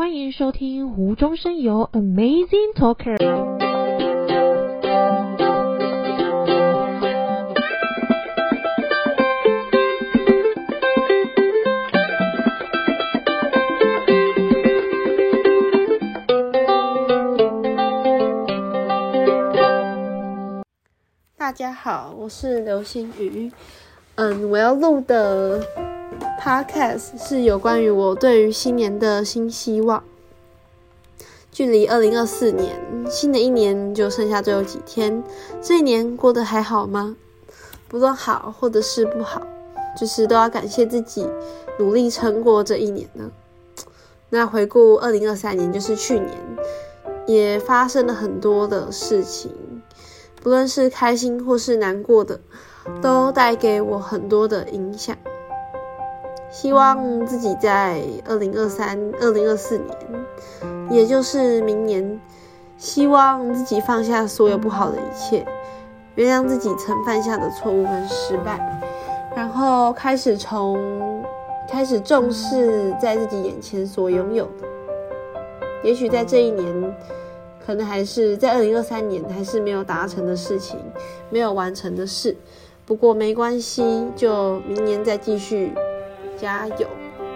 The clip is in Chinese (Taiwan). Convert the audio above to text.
歡迎收聽《無中生有 Amazing Talker》。大家好，我是劉欣瑜。嗯，我要錄的 Podcast 是有關於我對於新年的新希望距2024。距離二零二四年新的一年就剩下最後幾天，這一年過得還好嗎？不論好或者是不好，就是都要感謝自己努力撐過這一年呢。那回顧二零二三年，就是去年，也發生了很多的事情，不論是開心或是難過的，都帶給我很多的影響。希望自己在二零二三、二零二四年，也就是明年，希望自己放下所有不好的一切，原諒自己曾犯下的錯誤跟失敗，然後開始從開始重視在自己眼前所擁有的。也許在這一年，可能還是在二零二三年，還是沒有達成的事情，沒有完成的事，不過沒關係，就明年再繼續。加油！